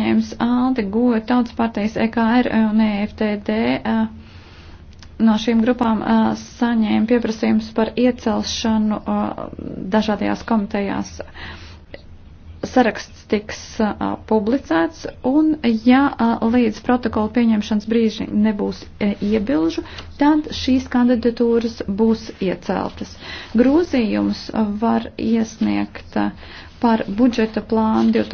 ņēmis Alde, Goja, Tautas partijas EKR e, un EFTD. E, no šīm grupām e, saņēma pieprasījums par iecelšanu dažādajās komitejās saraksts tiks a, publicēts, un ja a, līdz protokola pieņemšanas brīži nebūs e, iebilžu, tad šīs kandidatūras būs ieceltas. Grozījums var iesniegt a, par budžeta plānu 2020.